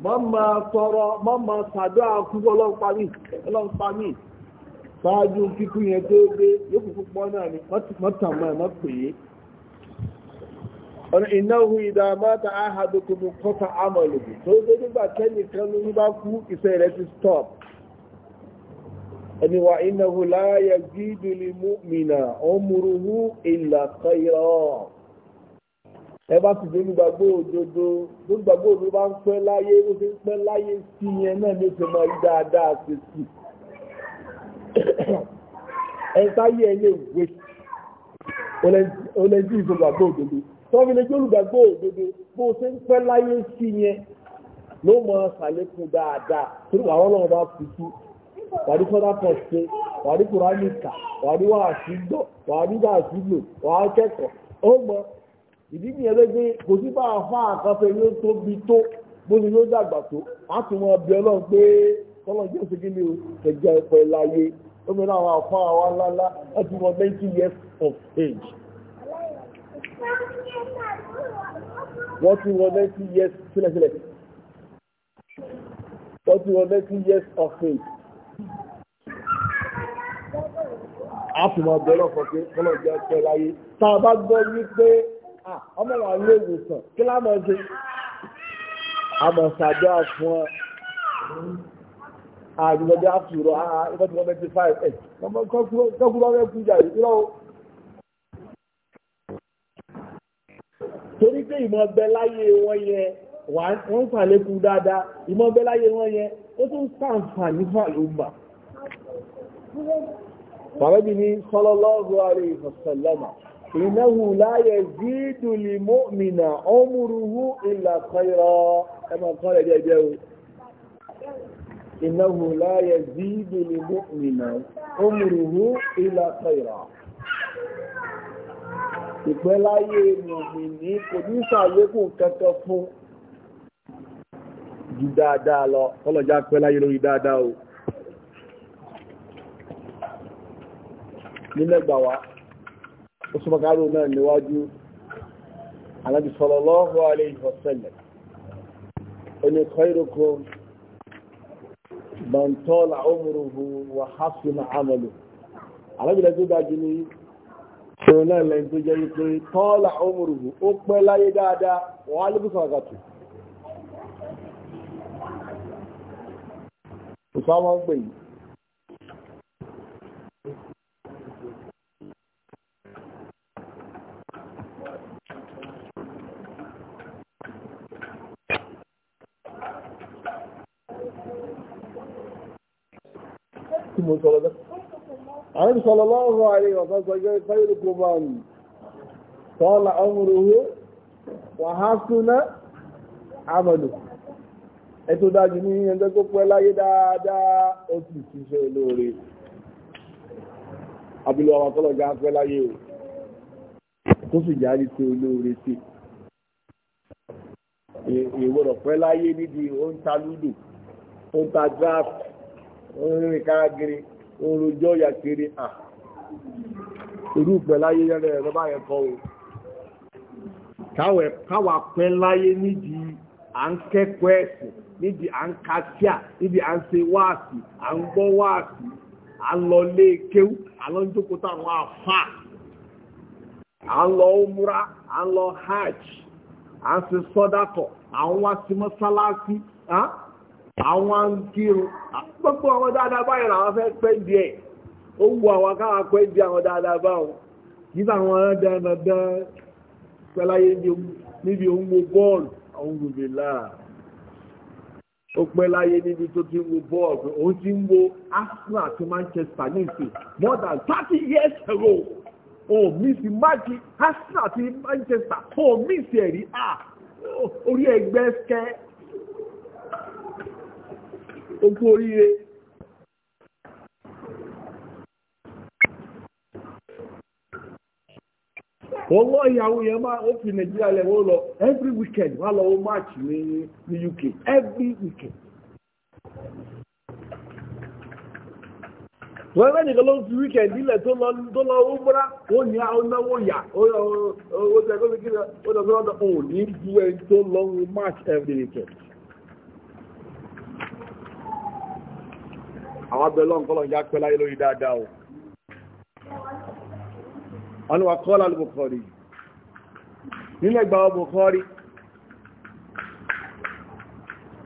mọ́mọ́ tọrọ mọ́mọ́ sàdọ́ àkú ọlọ́pàá ṣáájú kíkú yẹn tó dé yóò kúkú pọ́ náà ni mọ́tàmọ́ ẹ̀mọ́ pè é ọ̀nà ìnáwó ìdámáta áhàdókòmù kọta àmọ̀lòbù tó dé nígbà kẹ́nìkan ló bá kú ìfẹ́ rẹ̀ ti ẹ bá ti dé nígbàgbọ́ òdodo nígbàgbọ́ òdodo bá ń pẹ́ láyé ó ti ń pẹ́ láyé sí yẹn náà ní oṣù máa rí dáadáa ṣe sí ẹ sáyé ẹ lè wé olẹ́jú ìgbàgbọ́ òdodo tọ́bi lè jẹ́ olùgbàgbọ́ òdodo bó ṣe ń pẹ́ láyé sí yẹn ló mọ ṣàlékún dáadáa torí àwọn ọlọ́run bá fi sí wàdí fọ́dá pọ̀ ṣe wàdí kùránìkà wàdí wàásù gbọ́ wàdí wàásù lò wàá kẹ́kọ̀ọ́ ó mọ ìdí nìyẹn ló gbé kò sí bá àfa àkànfẹ yóò tóbi tó bóni yóò dàgbà tó á ti wọn bí ọlọ́run pé tọ́lọ́ jẹ́ ṣe kíni o kẹjẹ ẹ̀pẹ́ láyé ó mẹ́rin àwọn àfa àwa ńláńlá láti wọn twenty years of age. wọ́n ti wọn twenty years sílẹ̀sílẹ̀ wọ́n ti wọn twenty years of age. á ti wọn bí ọlọ́run pé tọ́lọ́ jẹ́ ẹ̀pẹ́ láyé tá a bá gbọ́ wípé. Ah, ọmọ wa lé ìwòsàn kí lá máa ṣe àmọ̀ ṣàdúrà fún ọ àjùmọ̀dé àfùrọ̀ àà ìfọ́ tí wọ́n fẹ́ ti five ẹ̀ kọ́kúrọ́ rẹ̀ kú jà yìí lọ́wọ́. torí pé ìmọ̀ ọbẹ̀ láyé wọn yẹn wọ́n ń pàlékún dáadáa ìmọ̀ ọbẹ̀ láyé wọn yẹn ó tún sàǹfààní fà ló mà. bàbá mi ní sallallahu alaihi wasallam إنه لا يزيد لمؤمن عمره إلا خيرا كما قال جاء إنه لا يزيد لمؤمن عمره إلا خيرا ìpẹ́láyé mùmìnì kò ní ṣàlékún kankan fún jù dáadáa lọ ọlọ́jà pẹ́láyé lórí dáadáa o nílẹ̀gbà ó súnmọ́ káró náà níwájú alábi sallallahu alayhi wa sallam ẹni khairukum man tala umruhu wa hasuna amaluhu alábìlẹ̀ dájú ní ṣòro náà lẹ́yìn tó jẹ́ wípé tala umruhu ó pẹ́ láyé dáadáa tí mo sọ̀rọ̀ bẹ́ẹ̀. àwọn ìṣọ̀lọ̀ lọ́rọ̀ ààrẹ ọ̀sán sọ yẹ́ fẹ́rẹ̀ kó bá ń tọ́lá ọmọrùhó wàhásúná àmàlù ẹ̀tọ́ dájú ní ẹjọ́ o tó sì járí tí olóore sí ìwọ̀rọ̀ pẹ́ láyé orin káàkiri orojọ́ ya kiri à irú pẹ̀ láyé yẹ́rẹ́ ẹ̀rọ bá kọ́ o káwà pẹ́ láyé nídìí à ń kẹ́kọ̀ọ́ ẹ̀sìn nídìí à ń kásíà nídìí à ń ṣe wáàsì à ń gbọ́ wáàsì à ń lọ lé kéwú à lọ jókòó táwọn à ń lọ à lọ hajj à ń ṣe sọ́dátọ̀ à ń àwọn ń kírun gbogbo àwọn dáadáa báyìí làwọn fẹ́ pẹ́ díẹ̀ ó wu àwọn káwọn pẹ́ di àwọn dáadáa báwọn nígbà àwọn dáadáa pẹ́láyé níbi òun wo bọ́ọ̀lù àwọn olùgbé láà ó pẹ́láyé níbi tó ti ń wo bọ́ọ̀lù òun ti ń wo Arsenal àti Manchester ní ìsìn more than thirty years ago òun mísì máàkì Arsenal àti Manchester òun mísì ẹ̀rí à ah, orí ẹgbẹ́ skẹ́ ogún oríire owó ìyàwó yẹn máa ó fi nàìjíríà lẹ́wọ́ lọ every weekend wá lọ ó match ní ní UK every weekend. wọ́n fẹ́ nìkan ló ń fi weekend ilẹ̀ tó lọ tó lọ ó múra ó ní ọ̀nàwó yà ó ó ó àwọn abẹ́lọ́n kọ́lọ̀ já pẹ́ láyé lórí dáadáa o ọlọ́wà kọ́lá al-Bukhari nílẹ̀ gbà Bukhari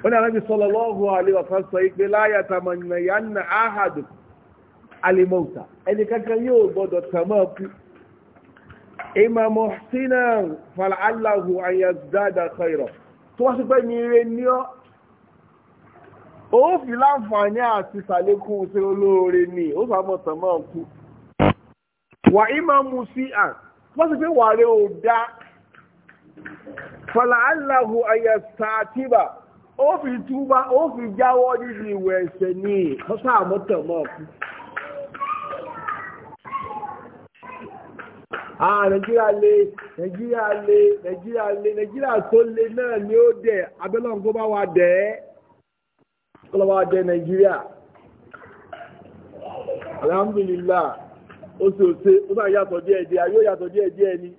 wọ́n ni anábi sallallahu alaihi wa sallam ìgbé láyà tamanna yanna ahadu alimọ́ta ẹni kankan yóò gbọ́dọ̀ tàmọ́ kú ima muhsinan ó fi láǹfààní àti sàlékún ṣe olóore ni ó sàmọ̀ tàn máa kú wà í máa mu sí à wọ́n sì pé wà rẹ̀ ò dá fàlàálàhù àyẹ̀sàtìbà ó fi túbá ó fi jáwọ́ níbi ìwẹ̀ ẹ̀ṣẹ̀ ni ó sàmọ̀ ah nàìjíríà le nàìjíríà le nàìjíríà le nàìjíríà tó le náà ni ó dẹ̀ abẹ́lọ́nkó tọ́lọ́wọ́ jẹ́ Nàìjíríà alhamdulillah ó sì òṣè ó máa yàtọ̀ díẹ̀ díẹ̀ yóò yàtọ̀ díẹ̀ díẹ̀ ni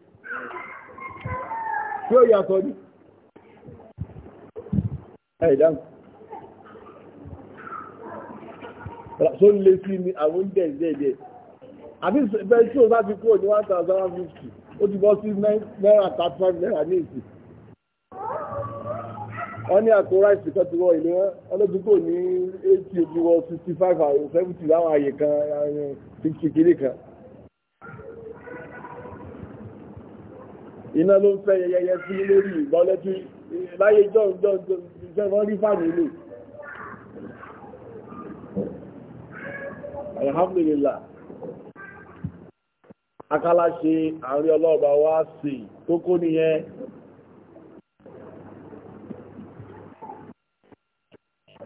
yóò yàtọ̀ ni ẹ̀dáhùn tó lè sí ni àwọn oúnjẹ ìdẹ́ẹ̀dẹ́ àbí bẹ́ẹ̀ tí ó bá ti kúrò ní 1150 ó ti bọ́ sí náírà 35 náírà ní ìsìn wọ́n ní àtò ráìsì kan ti wọ ìlú ọlọ́dúnkò ní eighty ojú wọ sixty kan. àwọn láwọn àyè kan fifty kiri kan. iná ló ń fẹ́ yẹyẹyẹ sí lórí ìgbọ́lẹ́tì láyé john john john wọ́n rí fáàmì ilé. alhamdulillah akala ṣe àárín ọlọ́ọ̀bá wá sí kókó nìyẹn.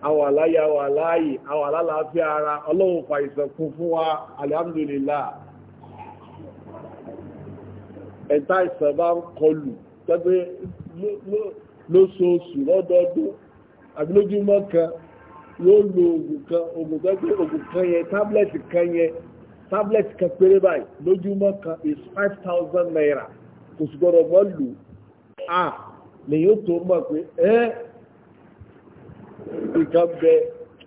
àwa láyé àwa láàyè àwa lálàáfíà ara ọlọ́run fa fún wa alhamdulillah ẹ̀ta ìsàn bá ń kọlù tẹ́gbẹ́ lóṣooṣù lọ́dọọdún àbí lójúmọ́ kan yóò lo oògùn kan oògùn tẹ́gbẹ́ oògùn kan yẹn tábìlẹ̀tì kan yẹn tábìlẹ̀tì kan péré báyìí lójúmọ́ kan is five thousand naira kò sì gbọ́dọ̀ mọ́ lù á lèyìn ó tó mọ̀ pé ẹ́ nǹkan bẹ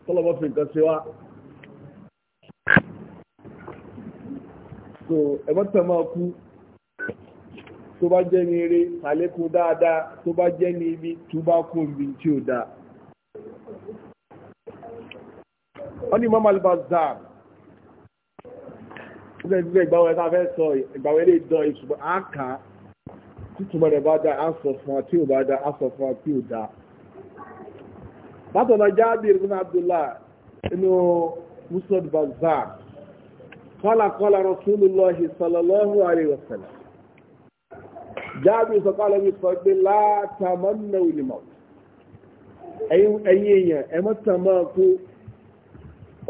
tọ́lọ́mọ́ fi nǹkan ṣe wá so ẹ̀mọ́tẹ̀ máa kú tó bá jẹ́ ní eré àlékún dáadáa tó bá jẹ́ ní ibi tó bá kú ibi tí ó dáa wọ́n ní mọ́mọ́ alibazà ó fẹ́ gbígbé ìgbàwọ̀ ẹ̀ta fẹ́ sọ ìgbàwọ̀ ilé ìdán ìṣùgbọ́n àáká títúmọ̀ rẹ̀ bá dáa á sọ fún wa tí ò bá dáa á sọ fún wa tí ò dáa látọ̀lá jábìrì bin abdullah inú musad bazar kọ́lá kọ́lá rasulullahi sallallahu alaihi wasallam jábìrì sọ̀kọ́lá bí sọ pé látàmánà olùmọ̀ ẹ̀yìn èèyàn ẹ̀mọ́tàmá kú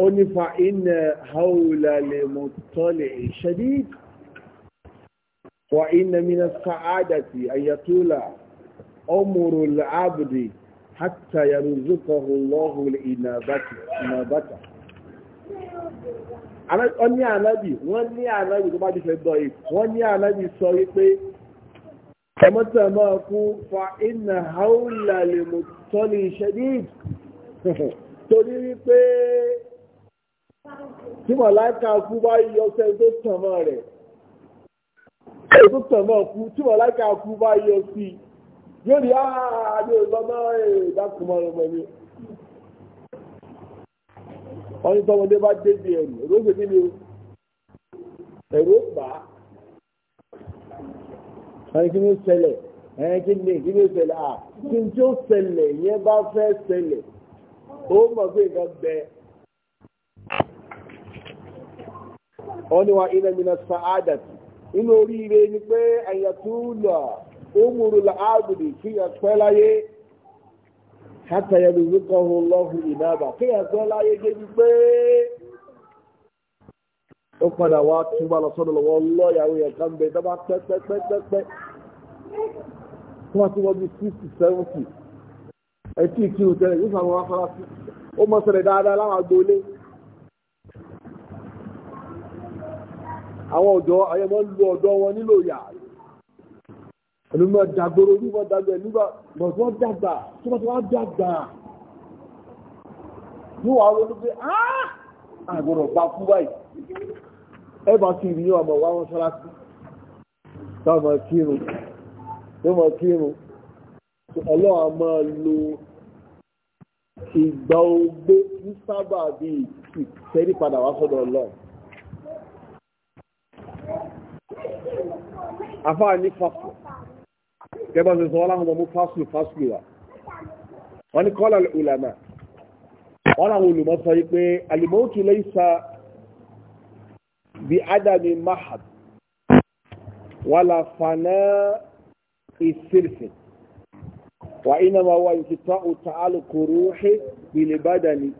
ó ní fa iná haúlà lè mọ̀ tọ́lẹ̀ shadid wa iná mina sa'adati ayyatula umurul abdi hatta yarzuqahu Allahu al-inabata wọ́n ní ànábì wọ́n ní ànábì tó bá ti fẹ́ gbọ́ yìí wọ́n ní ànábì sọ wípé ẹmọ́tẹ̀mọ́ kú fa iná haúlà lè mú tọ́lì ṣẹ́díd torí wípé tí mọ̀ láìka kú bá yọ sẹ́ tó tàn mọ́ rẹ̀ tó tàn mọ́ kú tí mọ̀ láìka kú bá yọ sí i yóò di ààyè lọ́mọ ìdákùnmọ́ ọmọ mi. wọ́n ní tọ́mọdé bá débi ẹ̀rù èrò ṣe kí ni o ẹ̀rù bà á. ẹ̀rù kí ni ó ṣẹlẹ̀ ẹ̀rù kí ni kí ni ó ṣẹlẹ̀ à kí n tí ó ṣẹlẹ̀ yẹn bá fẹ́ ṣẹlẹ̀ ó mọ̀ pé nǹkan bẹ. wọ́n ní wa ilẹ̀ mi náà sa àdàtì inú oríire ni pé àyàtúndà. o la'abudi kí yẹn pẹ́ láyé hátà yẹn lùmí kan hó lọ́hùn ìnáàbà kí yẹn pẹ́ láyé débi pé ó padà wá túbọ̀ lọ sọ́dọ̀ lọ́wọ́ lọ́yàwó yẹn kan bẹ dábàá pẹ́pẹ́pẹ́pẹ́ tí wọ́n ti wọ́n bí sixty seventy ẹtí ìkírù tẹ́lẹ̀ yóò fàwọn afárá sí ó mọ́ ṣẹlẹ̀ dáadáa láwọn lu ẹ̀lú mọ́ dàgbòrò ní wọ́n dàgbà nígbà but wọ́n dàgbà tí wọ́n ti wá dàgbà yóò wá ronú pé àgbọ̀rọ̀ bá kú báyìí ẹ bá kí ìrìn yóò àmọ̀ wá wọn sọ́lá sí yóò mọ̀ kírun yóò mọ̀ máa lo ìgbà ogbó ní sábà bí ìtẹ́rí padà wá sọ́dọ̀ ọlọ́run àfáà ní fàfọ̀ gẹ́gẹ́ bá ṣe sọ láwọn ọmọ fásilù fásilù wa wọ́n ní kọ́lá ulama wọ́n láwọn olùmọ̀ sọ pé alimọ́tù laysa bí adami mahad wala fana ìsirfin wa inama wa ìkìtọ́ ta'alu kuruhi bilibadani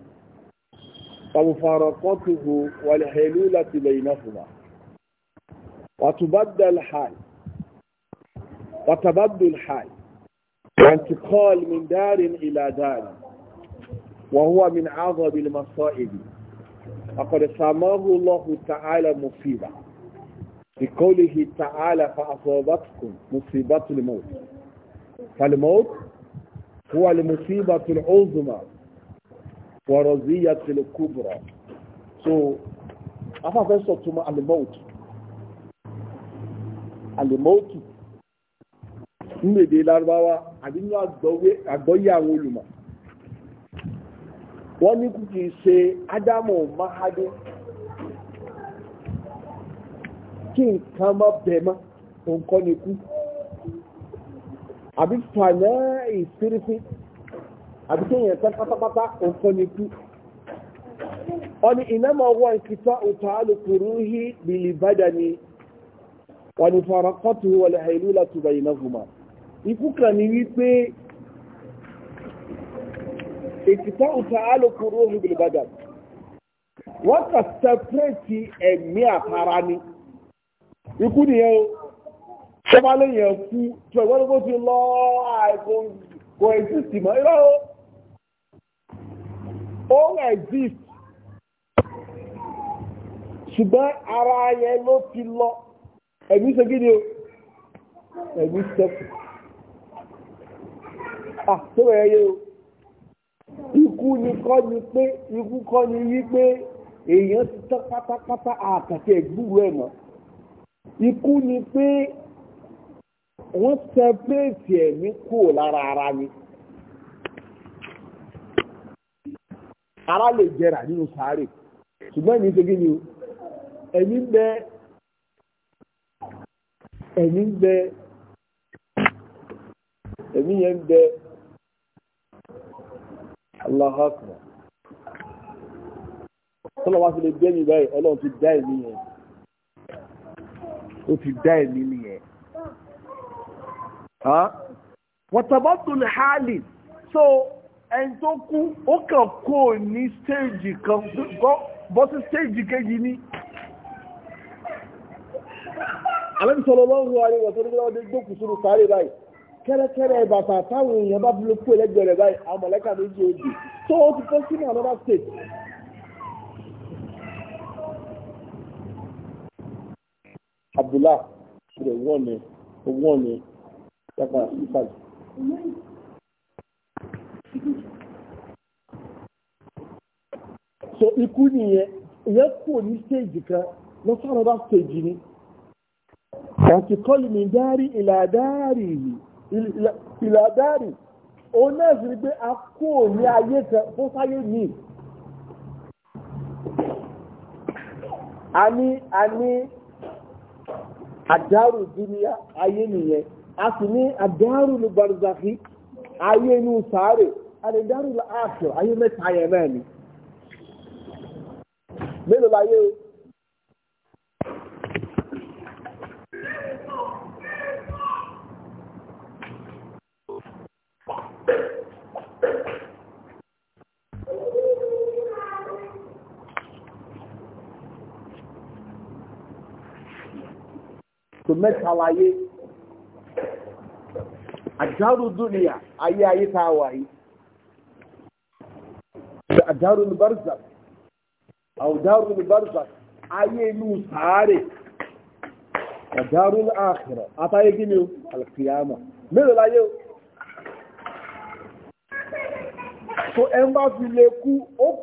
ومفارقته والحلولة بينهما وتبدل الحال وتبدل حال وانتقال من دار إلى دار وهو من عظم المصائب فقد سماه الله تعالى مصيبة بقوله تعالى فأصابتكم مصيبة الموت فالموت هو المصيبة العظمى ورزية الكبرى so after first of all الموت الموت nínú èdè lárúbáwá àbí nínú àgbọ́yé àwọn olùmọ̀ wọ́n ní kìí ṣe ádámù máhádé kí nǹkan má bẹ̀ mọ́ òun kọ́ ni kú àbí fàná ìsírífín àbí kí èèyàn tán pátápátá òun kọ́ ni kú wọ́n ní ìnámọ̀ wọ́n kìtà òtà alùpùrù hí bìlì bádà ni wọ́n ní farakọ́tù wọlé àìlú látùbà ìnáhùmá ikú kàn ní wípé ètìtá òta alòkòrò ohun gbèlèbàdà wọ́n kà sẹ́pẹ́rẹ́tì ẹ̀mí àtara ni ikú nìyẹn o tó bá lè yẹn kú tó ẹ̀wọ́n ló ti lọ àìkò kò exist mọ́ irọ́ o ó exist ṣùgbọ́n ara yẹn ló ti lọ ẹ̀mí ṣe kí ni o ẹ̀mí ṣẹ́kù. àtó ah, ẹyẹ o ikú ni kọ́ ni pé ikú kọ́ ni wípé èèyàn ti tán pátápátá àkàtì ẹ̀gbúrú ẹ̀ mọ́ ikú ni pé wọ́n sẹpẹ́ẹ̀tì ẹ̀mí kúrò lára ara ni ara lè jẹrà nínú sáré ṣùgbọ́n ẹ̀mí ṣe kí ni o ẹ̀mí ń bẹ ẹ̀mí ń bẹ ẹ̀mí yẹn ń bẹ. Allah Akbar tọ́lọ̀ wá sí lè gbẹ́mí báyìí ọlọ́run ti dá ẹ̀mí yẹn ó ti dá ẹ̀mí nìyẹn wọ́tàbọ́tò lè hálì so ẹni tó kú ó kàn kó ní stéèjì kan bọ́ sí stéèjì kejì ní alẹ́bí sọ̀rọ̀ lọ́wọ́ àríwọ̀ tó ní gbọ́dọ̀ gbókùsùn sáré báyìí kẹ́rẹ́kẹ́rẹ́ bàtà táwọn èèyàn bá bulo kú ẹlẹ́gbẹ̀ẹ́ rẹ̀ báyìí àwọn mọ̀lẹ́kà méjì òjì tó o ti fẹ́ sínú another state. Abdullah rẹ̀ wọ́n ni wọ́n ni yàtọ̀ ìsàlẹ̀. so ikú nìyẹn ìyẹn kò ní stage kan lọ́sàn-án another stage ni. àti kọ́lù mi dárí ìlà dárí yìí ìlàdárì òun náà sì ni pé a kó ní ayé kan fún sáyé míì a ní a ní àdárù dúníyà ayé nìyẹn a sì ní àdárù ní barzakhi ayé inú sáré àdárù ní àṣọ ayé mẹ́ta yẹn náà mélòó la o. kò mẹ́ta láyé àjárù dúnìyà ayé ayé tá a wà yìí àjárù ní barzak àwùjárù ní barzak ayé inú sàárè àjárù ní o so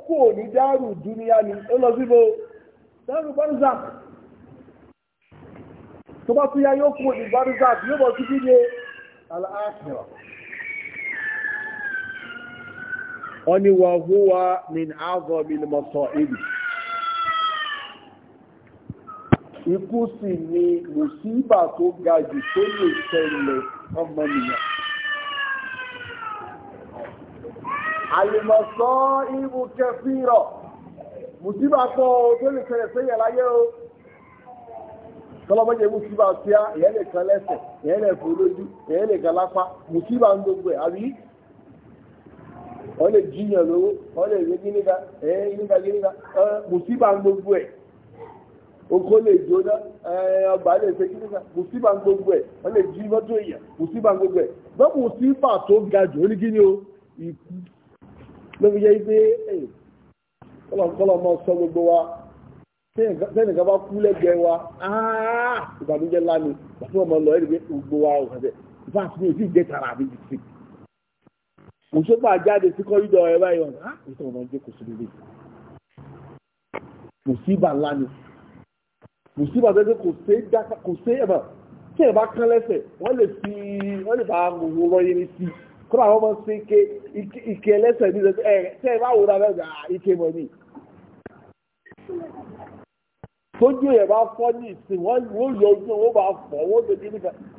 fi kò ní dárù dúnìyà ni ó lọ síbò tó bá tún yá yóò kúrò ní gbárùgbà yóò bọ̀ sí díje aláàṣírà wọ́n ni wà húwa ní àgọ́ mílímọ̀sọ̀ èdè ikú sì ni mùsíbà tó ga jù tó lè ṣẹlẹ̀ ọmọnìyàn àlèmọ̀sọ́ ìbùkẹfìrọ̀ mùsíbà pọ̀ tó lè ṣẹlẹ̀ sẹ́yẹ̀ láyé o tọ́lọ́mọ́jẹ́ mùsíbà tí a èyàn lè kan lẹ́sẹ̀ èyàn lè fò lójú èyàn lè kan lápá mùsíbà ń gbogbo ẹ̀ àbí wọ́n lè jíyàn lówó wọ́n lè rí gíníga ẹ̀yẹ́ gíníga gíníga mùsíbà ń gbogbo ẹ̀ oko lè jóná ọgbà lè ṣe gíníga mùsíbà ń gbogbo ẹ̀ wọ́n lè jí mọ́tò èèyàn mùsíbà ń gbogbo ẹ̀ bọ́ mùsíbà tó ga jù ní gíní o ikú ló fi yẹ pé ọlọ́mọ sọ gbogbo wa tẹ́nì kan bá kú lẹ́gbẹ̀ẹ́ wa ìbànújẹ́ ńlá ni wàtí wọn mọ lọ ẹ̀rí pé gbogbo wa ò fẹ́ ìfá àti mi ò sì jẹ́ tara àbí jù sí. òṣèpá jáde sí kọ́rídọ̀ ẹ̀ báyìí wọn á ìtàn ọmọ jẹ́ kò sí lórí. mùsíbà ńlá ni mùsíbà tó ṣe kò ṣe é dáta kò ṣe é mọ̀ tí ẹ̀ bá kán lẹ́sẹ̀ wọ́n lè fi wọ́n lè fa gbogbo wọ́nyẹn ní sí kúrò àwọn ọmọ sí ike ike ẹlẹ́sẹ̀ ní ẹ̀ tẹ́ ẹ bá wò ó tójú yẹn bá fọ́ ní ìsìn wọ́n yọ ojú wọn bá fọ́ wọ́n tó kí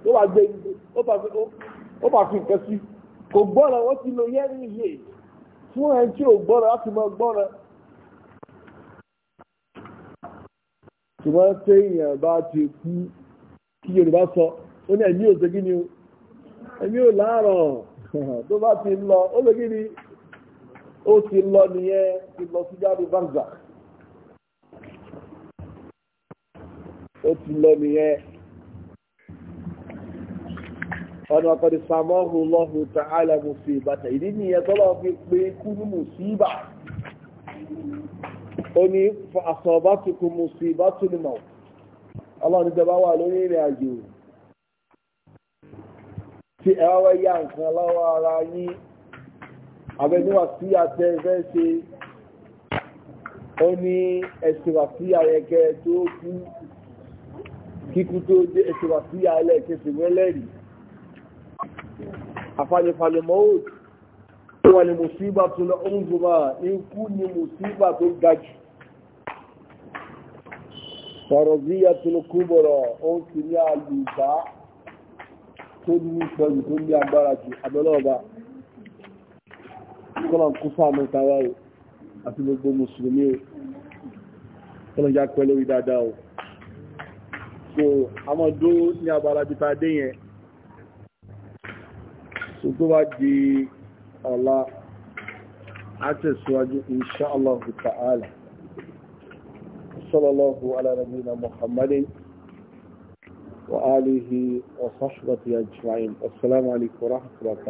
ó bá gbé ibi ó bá fi nǹkan sí kò gbọ́rọ̀ wọ́n ti lo yẹ́rì ìyè fún ẹ̀ tí ò gbọ́rọ̀ láti mọ gbọ́rọ̀. ṣùgbọ́n téèyàn bá ti kú kí Yorùbá sọ ó ní ẹ̀mí òṣèkí ni o ẹ̀mí ò láàrọ̀ tó bá ti lọ ó lè kí ó ti lọ nìyẹn ti lọ sí jáde vanguard. ó ti lọ nìyẹn lọ́hù tààlà mú ìdí nìyẹn tọ́lọ́ fi pé kú ní ó ní àsọ̀bátùkù ní mọ̀ ọlọ́run ìjọba wà lórí ìrìn àjò tí ya nǹkan lọ́wọ́ ara yín abẹnuwa sí àtẹ ẹgbẹ́ ṣe ó ní sí tó kú kíkú tó dé ẹ̀ṣẹ̀ wà sí alẹ́ kẹsì wẹ́lẹ́rì àfàlẹ̀fàlẹ̀mọ́ òjò tó wà ní mùsíbà tó lọ oúnjọba ikú ni mùsíbà tó ga jù fọ̀rọ̀bíyà tó lọ kúbọ̀rọ̀ ó sì ní àlùbá tó ní ìpọ̀jù tó ní agbára jù abẹ́lọ́ọ̀bá kọ́nà kú fáàmù tàwa àti gbogbo mùsùlùmí kọ́nà já pẹ́ lórí so àmọ́ dúró ní abala bí tàdé yẹn so tó bá di ọ̀la àtẹ̀síwájú insha Allah ta'ala sallallahu ala nabiyina muhammadin wa alihi wa sahbihi ajma'in